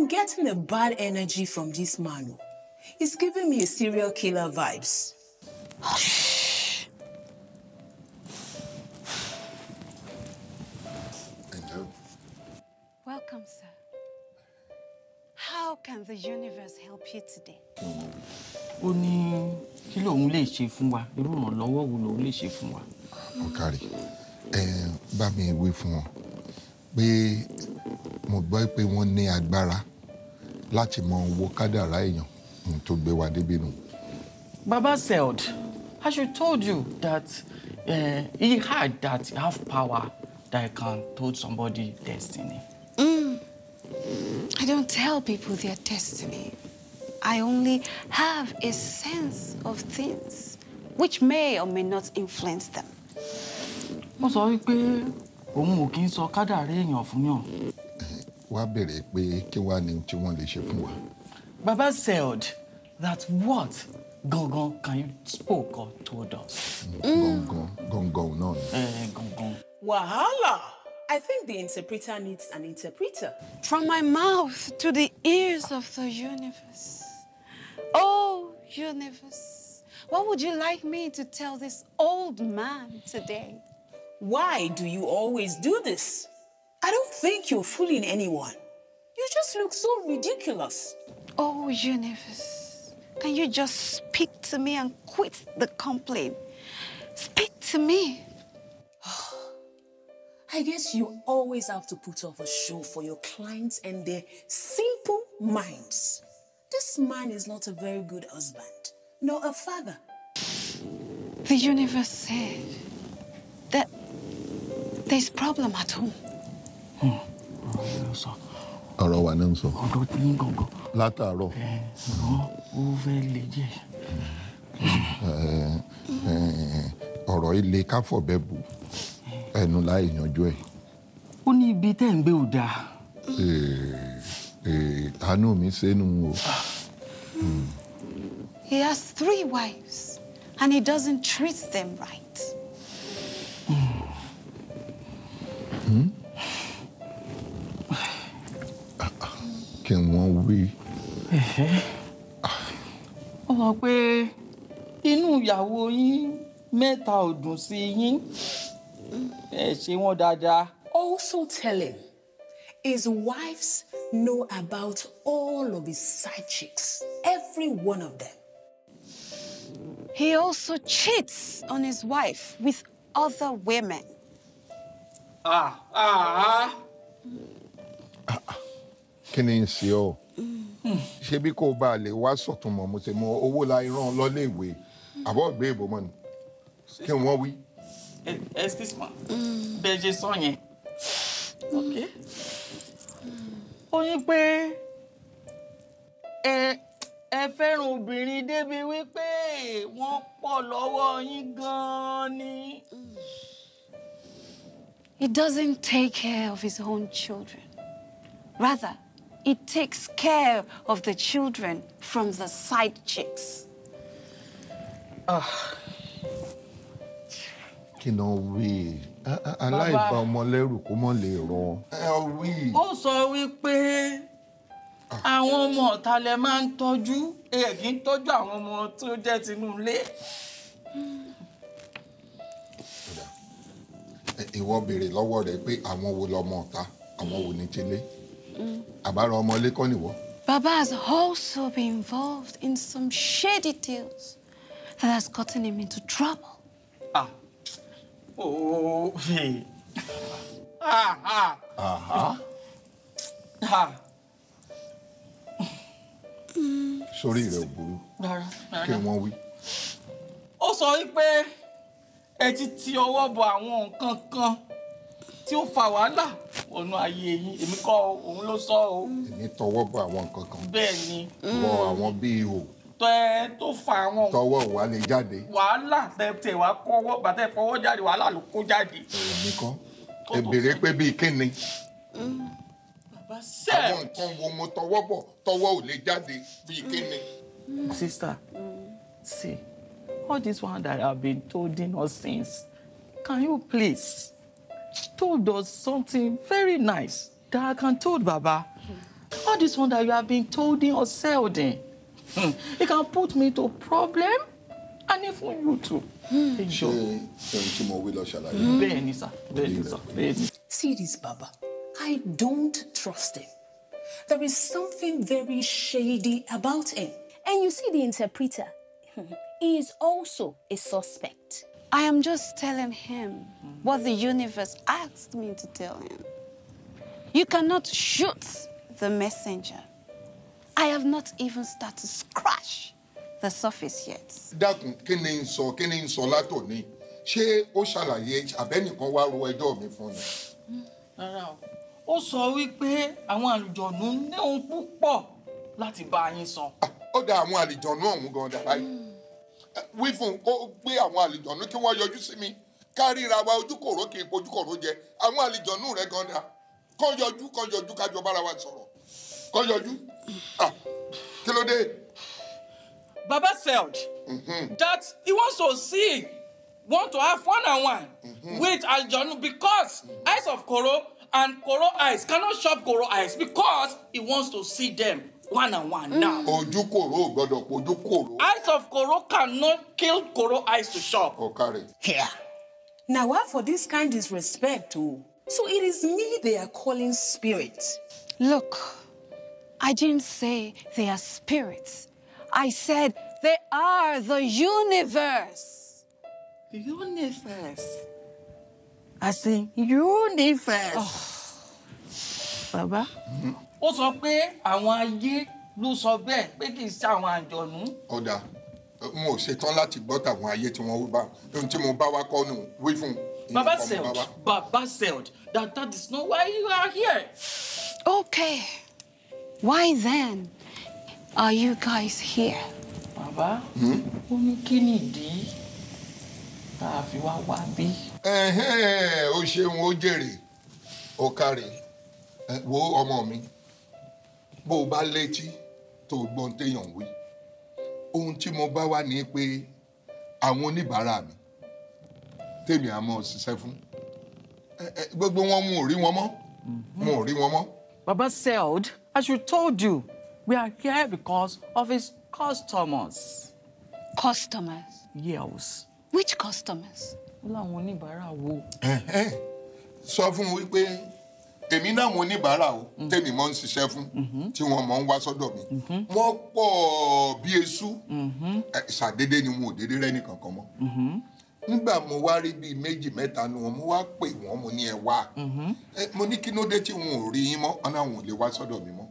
I'm getting a bad energy from this man. He's giving me a serial killer vibes. Hello. Welcome, sir. How can the universe help you today? Oni, kilo kí lòun lè ṣe fún wa, irú ìrànlọ́wọ́ wo lòun lè ṣe fún wa. Ọ̀kàrí, bá mi wí fún wọn pé mo gbọ́ pé wọ́n ní agbára láti mọ owó kádàrá èèyàn tó gbé wa débi nù. Baba said, I should told you that uh, he had that he have power that can told somebody destiny. Mm. I don't tell people their destiny. I only have a sense of things which may or may not influence them. Wọ́n sọ wípé òun ò kí ń sọ kádàrá èèyàn fún yàn. wá béèrè pé kí wá ni tí wọ́n lè ṣe fún wa. Baba said that what gangan can you spoke or told us. gangan gangan no. ni. Eh, gangan. wàhálà. I think the interpreter needs an interpreter. From my mouth to the ears of the universe. Oh, universe, what would you like me to tell this old man today? Why do you always do this? I don't think you're fooling anyone. You just look so ridiculous. Oh, universe, can you just speak to me and quit the complaint? Speak to me. I guess you always have to put off a show for your clients and their simple minds. This man is not a very good husband, nor a father. The universe said that there's problem at home. ọ̀rọ̀ wa náà sọ. ọ̀dọ́ tí yín gangan. látàárọ̀. ṣùgbọ́n ó fẹ́ lè jẹ́. ọ̀rọ̀ ilé káfọ̀bẹ́ bù ẹnu láì yanjú ẹ̀. ó ní ibi tẹ́ ń gbé ò dáa. àánú mi sẹ́nu o. He has three wives and he doesn't treat them right. Mm. Mm? kí wọ́n wí. ó sọ pé inú ìyàwó yín mẹ́ta ò dùn sí yín ẹ ṣe wọ́n dáadáa. Also telling his wives know about all of his side chicks, every one of them. He also cheats on his wife with other women. Ah, ah, ah. ah. ah kí ni n ṣe ọ ṣé bí kò bá lè wá sọ̀tún mọ̀ mo ṣe mọ owó la irán lọ́lé ìwé àbọ̀ ìgbé ìbò mọ́ ni kí wọ́n wí. E, excuse me bẹ́ẹ̀ ṣe sọ yẹn ó ní pé ẹ ẹ fẹ́ràn obìnrin débi wípé wọ́n pọ̀ lọ́wọ́ yín gan-an ni. He doesn't take care of his own children. Rather, It takes care of the children from the side chicks. Ah. Kí ló wí? Aláìbá ọmọ lẹ́rù kó mọ̀ lè rọ. Ẹ wí. Ó sọ wípé ah. àwọn ọmọ ọ̀tá lẹ máa ń tọ́jú ẹ̀ kì í tọ́jú àwọn ọmọ tó jẹ́ tinú ilé. Ìwọ béèrè lọ́wọ́ rẹ̀ pé àwọn wo lọmọ ọ̀tá, àwọn wo ni tẹ́lẹ̀ àbárò ọmọ ilé kọ́ nìwọ. Baba has also been involved in some shady deals that has gotten him into trouble. Ah. Oh. ah, ah. ah, Ah. Sórí rẹ̀ ò burú. Rárá. Kí wọ́n wí. Ó sọ wípé ẹ ti ti ọwọ́ bọ àwọn nǹkan kan tí ó fa wàhálà wọnú ayé yín èmi kọ́ òun ló sọ o. èmi tọwọ́ bọ àwọn nǹkan kan. bẹ́ẹ̀ ni. wọ àwọn bíi ihò. tẹ tó fa àwọn. tọwọ́ wa lè jáde. wàhálà tẹ wá kọ́wọ́ bàtẹ fọwọ́ jáde wàhálà ló kó jáde. èmi kọ́ èbèrè pé bíi kíni. bàbá sẹ́. àwọn nǹkan wo mo tọwọ́ bọ̀ tọwọ́ ò lè jáde bíi kíni. Mm. sister see all this one that i have been told in us since can you please. told us something very nice that I can told Baba. Mm. All this one that you have been told or sold in, hmm, it can put me to problem and even you too. Hmm. Ṣé ohun tí mo hmm. See this Baba, I don't trust him. There is something very shady about him. And you see the interpreter, he is also a suspect. I am just telling him what the universe asked me to tell him. You cannot shoot the messenger. I have not even started to scratch the surface yet. Dákun, kí ni n sọ, kí ni n sọ látòní? Ṣé ó ṣàlàyé àbẹ́nìkan wá ro ẹjọ́ mi fún mi? Rárá o, ó sọ wípé àwọn àlùjọ̀nù ní ohun púpọ̀ láti bá yín sọ. Ah, ó da àwọn àlùjọ̀nù ọ̀hún gan-an dàbáyé wí fún kó gbé àwọn àlìjọ̀nú kí wọ́n yọjú sí mi kárìíra wa ojúkòrò kì í pojúkòrò jẹ àwọn àlìjọ̀nú rẹ gan da kọ́ yọjú kọ́ yọjú kájọ bára wa sọ̀rọ̀ kọ́ yọjú ah, kí ló dé. baba said mm -hmm. that he wants to see want to have one on one mm-hmm. with aljanu because mm -hmm. eyes of koro and koro eyes cannot shop koro eyes because he wants to see them one and one mm. now. Ojú kòró gbọ́dọ̀ pojú kòró. Eyes of kòró cannot kill kòró eyes to shop. Okare. Here. Now what for this kind disrespect too. Oh? So it is me they are calling spirits. Look, I didn't say they are spirits. I said they are the universe. Universe. I say universe. Oh. Baba. Mm -hmm. ó sọ pé àwọn ayé ló sọ bẹ́ẹ̀ pé kì í ṣe àwọn àjọ̀nú. ọ̀dà n ò ṣetán láti gbọ́ tàwọn ayé tí wọ́n wí bá ohun tí mo bá wá kọ́ nù wí fún un. baba seld baba seld that that is not why you are here. okay why then are you guys here. bàbá hmm? ó ní kí nìdí tá a fi wá wá bí. o ṣeun o jèrè o kárẹ̀ wo ọmọ mi bó o bá létí tó o gbọ́n téèyàn wí ohun tí mo bá wá ní pé àwọn oníbàárà mi tèmi àmọ́ ṣiṣẹ́ fún gbogbo wọn mo ò rí wọn mọ́ mo mm-hmm. ò rí wọn mọ́. Baba Seud, as we told you we are here because of his customers. Customers? Yes. Which customers? Ó láwọn oníbàárà wo. Sọ fún wípé èmi náà mo oníbàárà o mm-hmm. tèmi mọ́ ń ṣiṣẹ́ fún mm-hmm. tí wọ́n mọ́ ń wá sọ́dọ̀ mi mm-hmm. wọ́n pọ̀ bí eṣú ṣàdédé ni wọn ò dédé rẹ́ni kankan mọ́ nígbà mo wá rí bíi méjì mẹ́ta nu wọn mo wá pè wọ́n mo ní ẹ wá mo ní kí ló dé tí wọn ò rí yín mọ́ ọ̀nà àwọn ò lè wá sọ́dọ̀ mi mọ́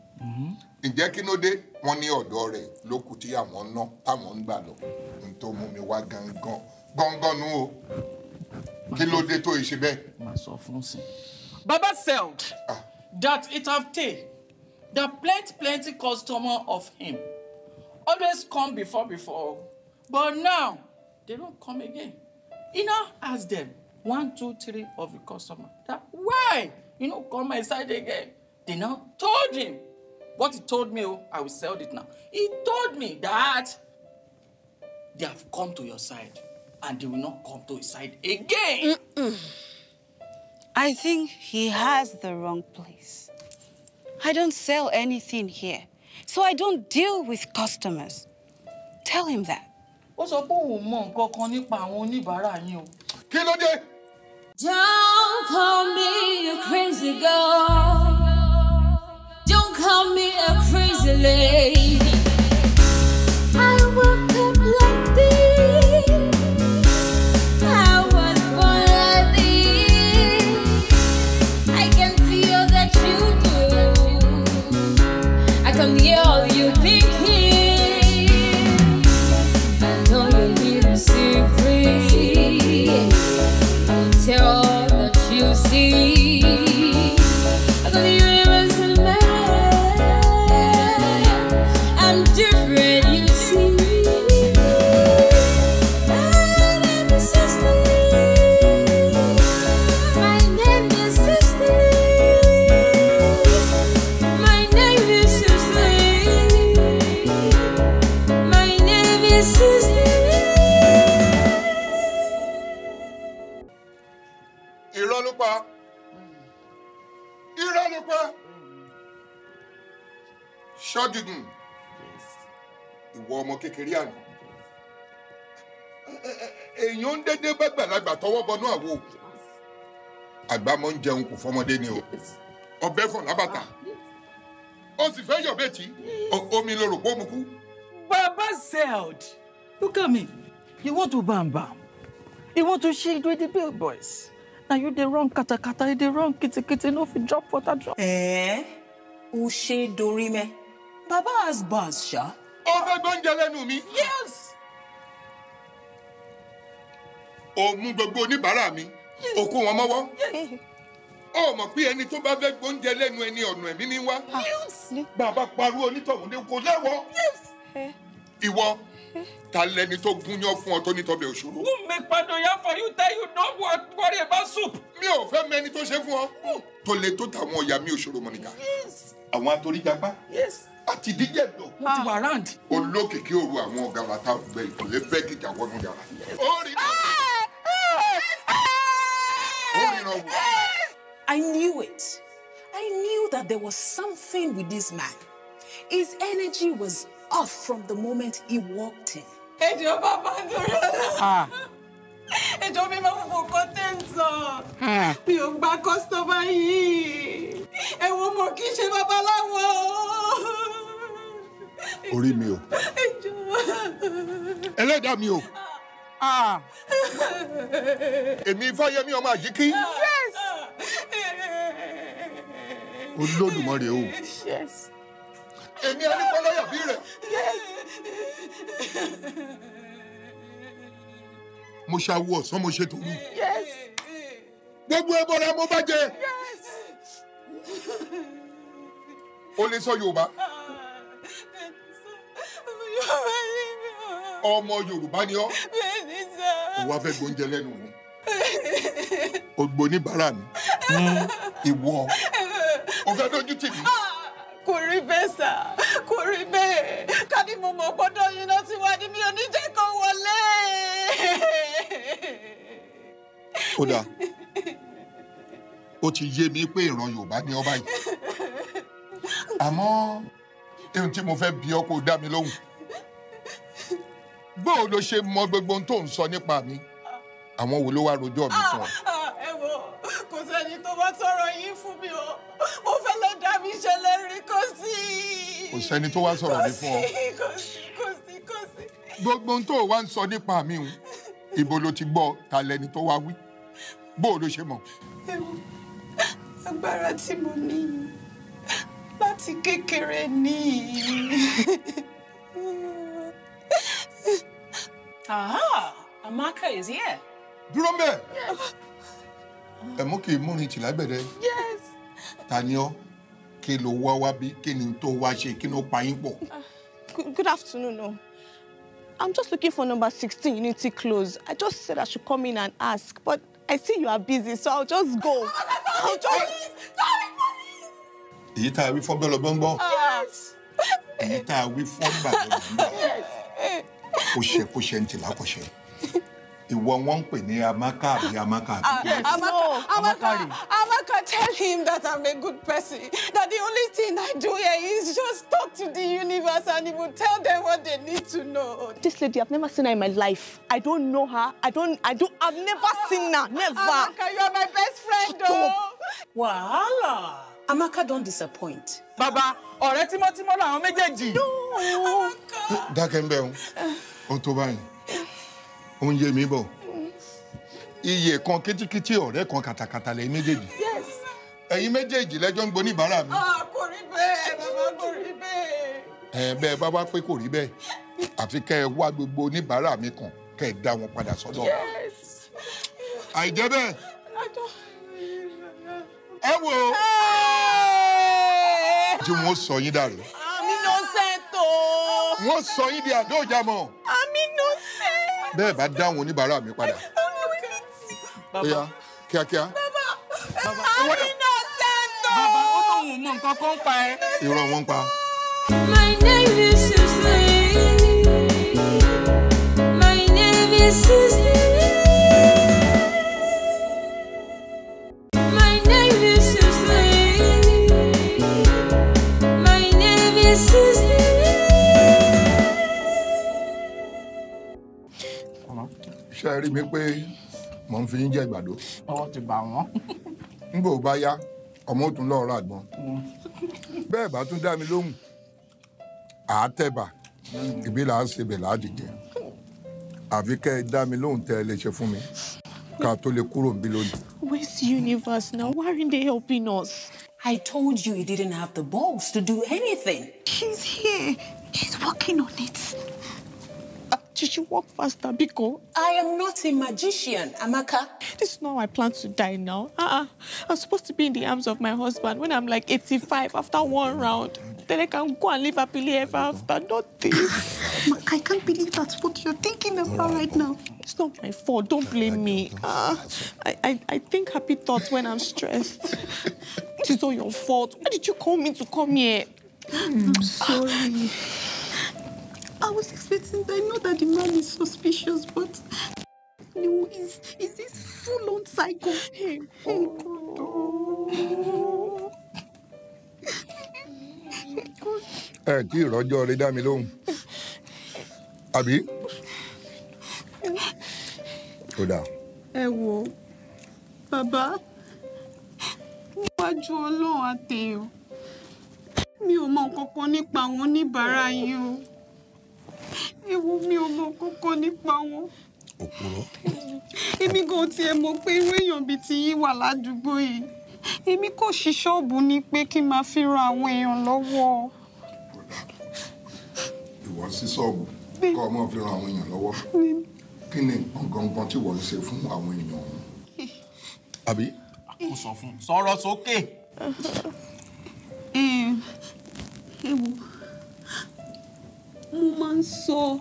ǹjẹ́ kí ló dé wọ́n ní ọ̀dọ̀ rẹ̀ ló tí àwọn ná táwọn ń gbà lọ n tó mú mi wá gangan gangan nu o kí ló dé tó ìṣe bẹ́ẹ̀. màá sọ fún sí i. Baba said ah. that it have take that plenty plenty customer of him always come before before but now they don't come again. You know, ask them one two three of the customer that why you know come inside again. They now told him what he told me oh I will sell it now. He told me that they have come to your side and they will not come to his side again. Mm -mm. I think he has the wrong place. I don't sell anything here, so I don't deal with customers. Tell him that. Don't call me a crazy girl. Ṣọ́dìgùn ìwọ ọmọ kékeré àná èèyàn ń dédé bàgbàlagbà tọwọ́ bọnú àwo àgbà mọ́ ń jẹun kò fọmọdé ni o ọbẹ̀ fọ̀ lábàtà ah. ó sì fẹ́ yọ̀ bẹ́ẹ̀ tí omi ló rò pé ó kú. baba zeld look at me you want to bam bam you want to shade with the bill boys na you dey run katakata you dey run kitikiti no fit drop water drop. ẹ eh? ó ṣe é dorí mẹ́. Baba has bars ṣá. ó fẹ́ gbóúnjẹ lẹ́nu mi. yes. ó mú gbogbo oníbàárà mi ó kó wọn mọ́wọ́. ó mọ̀ pé ẹni tó bá fẹ́ gbóúnjẹ lẹ́nu ẹni ọ̀nà ẹ̀mí ni wá. bàbá parú onítọ̀hún ní kò lẹ́wọ̀. ìwọ ta lẹni tó gúnyán fún ọ tó ní tọbẹ òṣòro. who make padoya for you tell you no worry about soup. mi ò fẹ́ mẹ́ni tó ṣe fún ọ. tó le tó tàwọn ọ̀yà mi òṣòro mọ̀nìkà. àwọn atorí japa. yes àti díjẹ̀dọ̀ wọ́n ti wà round. olókìkí òru àwọn ọ̀gá wa tá a gbẹ wọnú yàrá. ó rí i wò. I knew it. I knew that there was something with this man. His energy was off from the moment he walked in. ẹjọ bàbá nítorí ọlá ẹjọ mi máa fọwọ́ kọ́tẹ́ǹtì sọ mi ò gba kọ́sítọ́mà yìí. orí mi o ẹlẹ́dàá mi o ah. èmi fáyemí ọmọ àjíkí olódùmarè o èmi adékọ́lọ́yàbí rẹ̀ mo ṣàwọ ọ̀sán mo ṣe tòru gbogbo ẹbọra mo bá jẹ o lè sọ Yorùbá ọmọ yorùbá ni ọ òwò afẹ gbóúnjẹ lẹ́nu mi ògbó oníbàárà mi ìwọ o fẹ́ dójú tì mí. kò rí bẹ́ẹ̀ sà kò rí bẹ́ẹ̀ ká ní mo mọ̀ gbọ́dọ̀ yín lọ sí wa ni mi ò ní jẹ́ kó wọlé. ó dáa ó ti yé mi pé ìran yorùbá ni ọba yìí àmọ́ ohun tí mo fẹ́ bi ọ́ kó dá mi lóhùn bóò ló ṣe mọ gbogbo ohun tó ń sọ nípa mi àwọn wo ló wá rojọ́ mi fún ọ. Ah, ah, ẹ wo kò sẹ́ni tó bá sọ̀rọ̀ yìí fún mi o mo fẹ́ lọ dá mi ṣẹlẹ̀ rí kò sí. kò sẹ́ni tó wá sọ̀rọ̀ mi fún ọ. kò sí kò sí kò sí. gbogbo ohun tó wá ń sọ nípa mi o ibo ló ti gbọ́ ta lẹni tó wá wí bóò ló ṣe mọ̀. ẹ wo agbára tí mo ní láti kékeré ni. Aha! Amaka is here. Dúró mbẹ̀. Ẹ̀mú kì í múrin tì lágbẹ̀dẹ. Yes. Ta ni ọ́? Kí ló wá wá bí? Kí ni tó wá ṣe? Kí ló pa yín pọ̀? Ah, good afternoon. Um. I'm just looking for number 16 Unity Close. I just said I should come in and ask, but I see you are busy, so I'll just go. Oh, I'll just... Èyí tá a wí fún bẹ́ẹ̀ lọ́gbọ́n gbọ́. Èyí tá a wí fún bàbá lọ́gbọ́n gbọ́ kóṣẹ kóṣẹ ń tìlá kọṣẹ ìwọ wọn ń pè ní amaka àbí amaka ah, yes amaka no. amaka amaka tell him that i'm a good person that the only thing i do here is just talk to the universe and he will tell them what they need to know. this lady i've never seen her in my life i don't know her i don't i don't i've never seen her never. amaka you are my best friend o. Oh. wàhálà. Amaka don't disappoint. Baba, ọ̀rẹ́ tímọ́tímọ́ làwọn méjèèjì. Dákẹ́ ń bẹ̀ wọn, ó tó báyìí, ó ń yé mi bọ̀. Iyè kan kítíkítí ọ̀rẹ́ kan kàtàkàtà lẹ́yìn méjèèjì. Ẹ̀yin méjèèjì lẹ́jọ́ ń gboníbàárà mi. Ah, kò rí bẹ́ẹ̀, bàbá kò rí bẹ́ẹ̀. Ẹ eh, bẹ́ẹ̀ bá wá pé kò rí bẹ́ẹ̀, àfi kẹ́ ẹ wá gbogbo oníbàárà mi kan, kẹ́ ẹ dá wọn padà sọ́dọ̀. Àìjẹ́ bẹ́ẹ̀. Ẹ wo. Ah jí wọn sọ yín dàrú. àmì ló ń sẹ́ tó. wọ́n sọ yín di àdó ìjà mọ́. àmì ló ń sẹ́. bẹ́ẹ̀ bá dáhùn oníbàárà mi padà. bàbá kíákíá. bàbá àmì ló ń sẹ́ tó. bàbá ó tóun mọ nǹkan kan pa ẹ. irọ́ wọn pa. My name is Susie. My name is Susie. fi ń jẹ ìgbàdo. ọwọ́ ti bà wọ́n. nígbà bá yá ọmọ tún lọ́ọ́ rà gbọ́n. Mm. bẹ́ẹ̀ bá tún dá mi lóhùn àátẹ̀bà ìbí mm. là ṣe bẹ̀ láti jẹ àfi kẹ́ dá mi lóhùn tẹ́ lè ṣe fún mi ká tó lè kúrò níbí lónìí. Where's the universe now? Why aren't they helping us? I told you he didn't have the balls to do anything. He's here. He's working on it. You should walk faster, Biko. I am not a magician, Amaka. This is not how I plan to die now. Uh-uh. I'm supposed to be in the arms of my husband when I'm like 85 after one round. Then I can go and live happily ever after, not this. I can't believe that's what you're thinking about right now. It's not my fault. Don't blame me. Uh, I, I, I think happy thoughts when I'm stressed. it is all your fault. Why did you call me to come here? I'm sorry. Ah. I was expecting that. I know that the man is suspicious, but no, is is this full on psycho? Hey, hey. oh. ẹ tí ìrọjọ rẹ dá mi lóhùn àbí ó dáa. ẹ wo bàbá níwájú ọlọ́run àtẹ̀yàn mi ò mọ nǹkan kan nípa àwọn oníbàárà yín o ewu mi ò mọ kókó nípa wọn. òpùrọ́. èmi gan tiẹ̀ mọ̀ pé irú èèyàn bíi ti yín wà ládùúgbò yìí èmi kò ṣí ṣọ́ọ̀bù ni pé kí n máa fi ran àwọn èèyàn lọ́wọ́. ìwọ sí ṣọ́ọ̀bù kọ́ ọmọ fi ran àwọn èèyàn lọ́wọ́ kí ni gbọ̀ngàn tí wọ́n ń ṣe fún àwọn èèyàn ọ̀hún. àbí. kò eh. sọ fún sọ̀rọ̀ sókè. ẹ ẹ wo mo máa ń sọ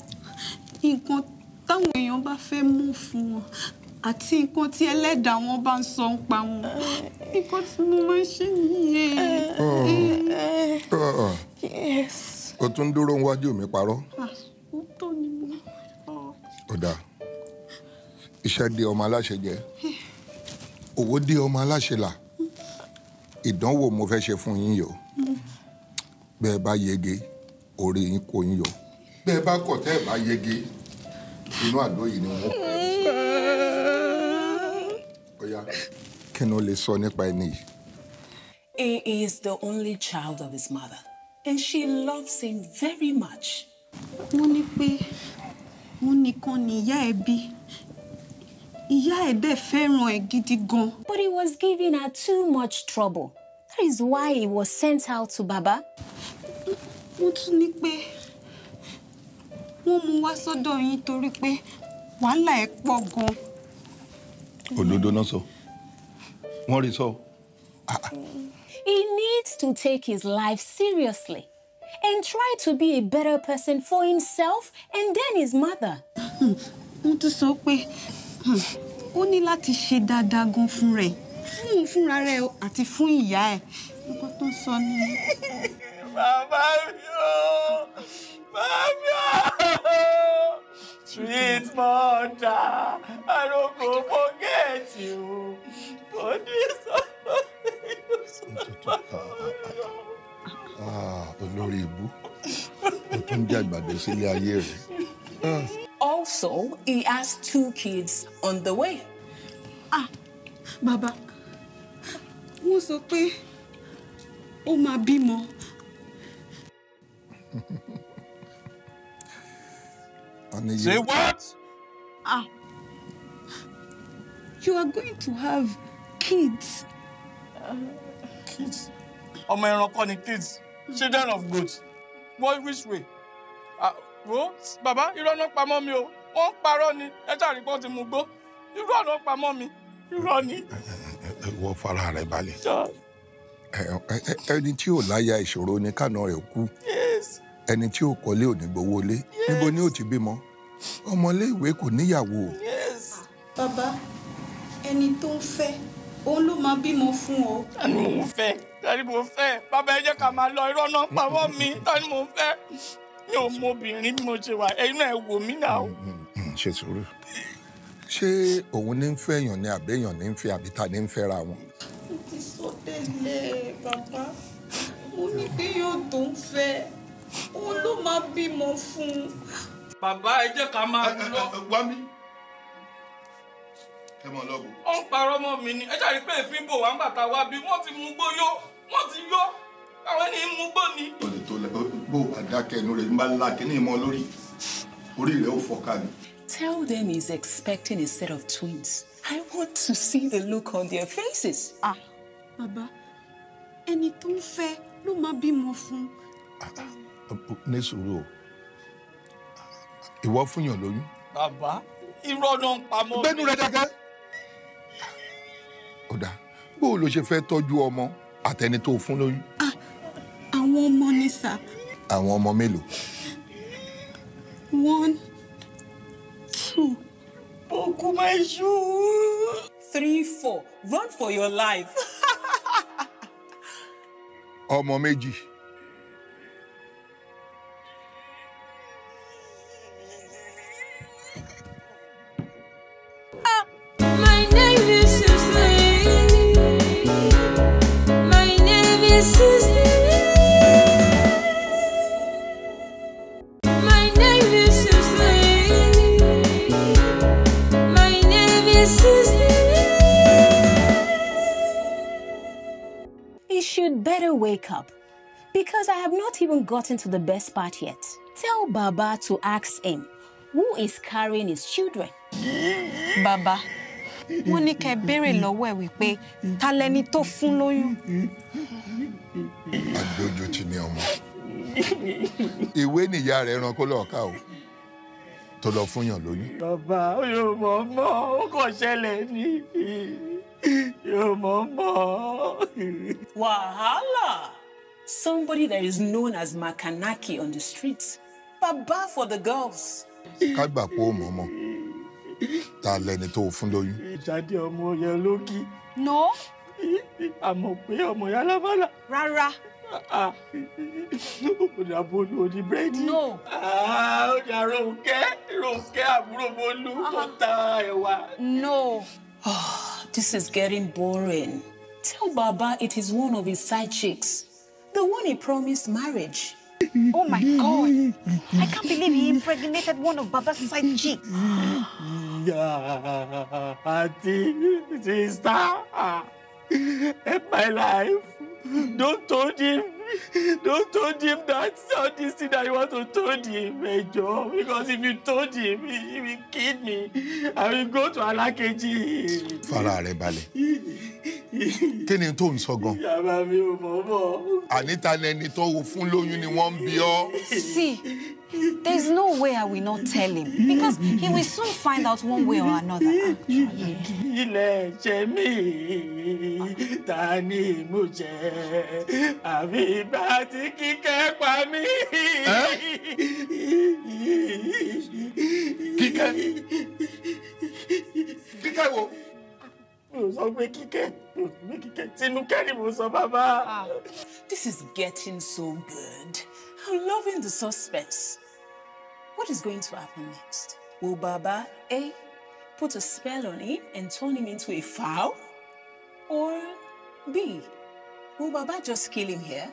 nǹkan táwọn èèyàn bá fẹ́ mú fún wọn àti nǹkan tí ẹlẹ́dàá wọn bá ń sọ ń pa wọn nǹkan tí mo máa ń ṣe nìyẹn. o tún ń dúró níwájú mi parọ́. ọ̀dà iṣẹ́ di ọmọ aláṣẹ jẹ owó di ọmọ aláṣẹ là ìdánwò mo fẹ́ ṣe fún yín yìí o mm. bẹ́ẹ̀ bá yege orí yín kó yín yọ bẹ́ ẹ bá kọ̀ tẹ́ ẹ bá yege inú àdó yìí ni wọ́n. ọ̀ya kí ni o lè sọ nípa ẹni yìí. He is the only child of his mother and she loves him very much. wọ́n ní pé wọ́n nìkan ni ìyá ẹ bí ìyá ẹ dẹ̀ fẹ́ràn ẹ gidi gan. But he was giving her too much trouble. That is why he was sent out to Baba wọ́n tún ní pé wọ́n mú wá sọ́dọ̀ yín torí pé wàhálà ẹ̀ pọ̀ gan. òdodo náà sọ wọ́n rí sọ. He needs to take his life seriously and try to be a better person for himself and then his mother. wọ́n tún sọ pé hmm, ó ní láti ṣe dáadáa gan fún rẹ̀ fún òun fúnra rẹ̀ àti fún ìyá ẹ̀ nǹkan tó ń sọ nìyẹn bàbá mi o bàbá o mother I no go forget you for this. Ah, also, he has two kids on the way. Ah, Baba, wọ́n sọ pé ó máa bímọ. Oniye. Say what? Ah. You are going to have kids. Uh, kids? Ọmọ ẹranko ni kids. Children of goats. What which way? Ah, wo bàbá irọ́ náà pamọ́ mi o. Wọ́n ń parọ́ ni. Ẹ ṣàrí pọ́n ti mú gbó. Irọ́ náà pamọ́ mi. Irọ́ ni. Wọ́n fara rẹ̀ balẹ̀. Ẹni tí ò láya ìṣòro ni kànáà rẹ̀ kú. Yeah ẹni tí ò kọ́lé ò ní gbowó lé níbo ni ó ti bímọ ọmọléèwé kò níyàwó. bàbá ẹni tó ń fẹ́ òun ló máa bímọ fún ọ. ta ni mò ń fẹ́ ta ni mò ń fẹ́ bàbá ẹ jẹ́ ká máa lọ irọ́ náà pamọ́ mi ta ni mò ń fẹ́ mi ò mọ obìnrin bí mo ṣe wà ẹ̀yin náà ẹ wò mí náà. Mm, mm, mm, ṣe sùúrù ṣé òun ní ń fẹ́ èèyàn ni àbẹ́yàn ní ń fẹ́ àbí ta ní ń fẹ́ra wọn. mo ti sọ tẹ́lẹ̀ bàbá mo ní pé yóò tó ń fẹ́ òun ló máa bímọ fún un. bàbá ẹ jẹ́ ká máa lọ. wá mi ẹ mọ lọ́gùn. ó ń parọ́ mọ́ mi ni ẹ ṣàrí pé èéfín bò wá ń bàtà wá bí wọ́n ti mú gbóyó wọ́n ti yó àwọn ẹni mú gbó ni. o lè tó lẹ bó bá dákẹ́ ẹnu rẹ̀ ń bá la kíní ìmọ̀ lórí orí rẹ̀ ó fọ́ká ni. Tell them he's expecting a set of twins. I want to see the look on their faces. Ah, Baba, ẹni tó ń fẹ́ ló máa bímọ fún. Ah, ah ní sùúrù o ìwọ fún yàn lóyún. bàbá irọ́ pamọ́. gbẹ́nu rẹ dákẹ́. ọ̀dà bó o ṣe fẹ́ tọ́jú ọmọ àtẹni tó fún lóyún. àwọn ọmọ ni sà. àwọn ọmọ mélòó. one two. Boku my shoe. Three, four. Run for your life. Ọmọ méjì. you'd better wake up because I have not even gotten to the best part yet. Tell Baba to ask him who is carrying his children. Baba, wọ́n ní kẹ́ béèrè lọ́wọ́ ẹ̀ wípé ta lẹni tó fún I Àdójú ti ní ọmọ. Ìwé nìyá rẹ̀ ran kó lọ́ọ̀ ká o tó lọ fún yàn lóyún. Bàbá yóò mọ̀ mọ́ Your mama. Wahala! Somebody that is known as Makanaki on the streets. Baba for the girls. Ká gbà pé ó mọ̀ ọmọ. Ta lẹni tó o fún lóyún? Ìjáde ọmọ yẹn No. Àmọ̀ pé ọmọ yẹn alábàlà. Rárá. Òdà ah, ah. Bólú òní búrẹ́dì. No. Òdà ah, Ronke Ronke àbúrò Bólú ta ẹ̀wà. No. This is getting boring. Tell Baba it is one of his side chicks. The one he promised marriage. Oh my God! I can't believe he impregnated one of Baba's side chicks. Auntie, sister, help my life. Don't tell him. Don't told him that this thing that you want to told him, Major. Because if you told him, he, he will kill me. I will go to Alakeji. Fara rẹ balẹ̀. Kí ni tó ń sọ gan? Yàrá mi ò mọ̀ mọ̀. Àníta lẹni tó fún lóyún ni wọ́n ń bí See. There's no way I will not tell him because he will soon find out one way or another. Actually. Ilé ah, This is getting so good. I'm loving the suspense. What is going to happen next? Will Baba A put a spell on him and turn him into a fowl? Or B, will Baba just kill him here?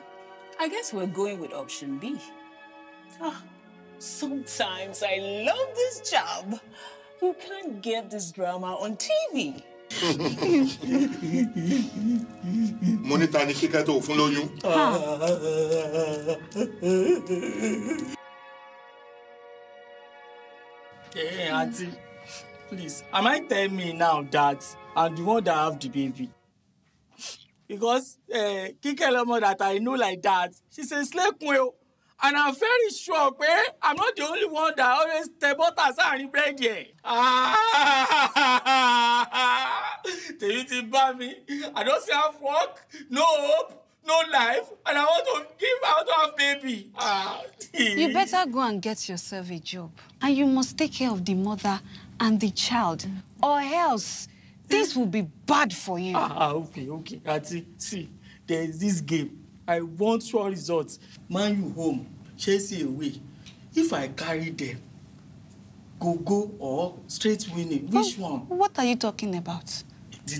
I guess we're going with option B. Ah, sometimes I love this job. You can't get this drama on TV. mo ní ta ni kíkẹ́ tó fún lóyún. Hey, eh, auntie, please, am I tell me now that I'm the one that have the baby? Because uh, Kíkẹ́ lọ́mọ that I know like that, she say, Slay Kun o and i'm very sure pé i'm not the only one that always tẹ bọ́tà sáàrin búrẹ́dì ẹ̀. tèmi ti bá mi i don see how work no hope no life and i want to give i want to have baby. you better go and get yourself a job and you must take care of the mother and the child or else this will be bad for you. ah okay okay ati see there is this game I want sure results. Man you home, Chelsea away. If I carry them, go-go or straight winning, what, which one? What are you talking about? This,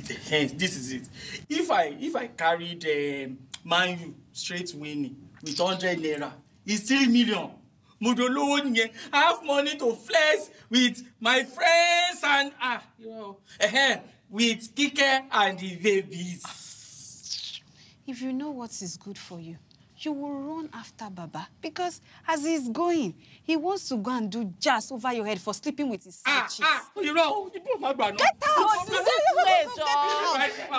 this is it. If I if I carry the Man U straight winning with hundred naira, it's three million. Mo I have money to flex with my friends and ah, you know, with Kike and the babies. if you know what is good for you, you will run after Baba because as he's going, he wants to go and do jazz over your head for sleeping with his ah, Ah, oh, oh, you know, you put my brother. Get out! Get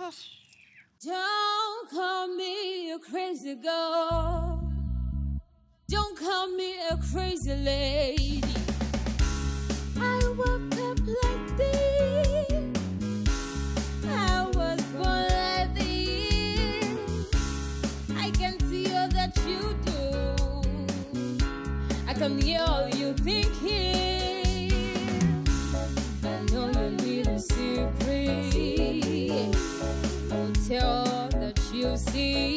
out! Don't call me a crazy girl. Don't call me a crazy lady. and you're all you think he. I know your little secret. Don't tell that you see.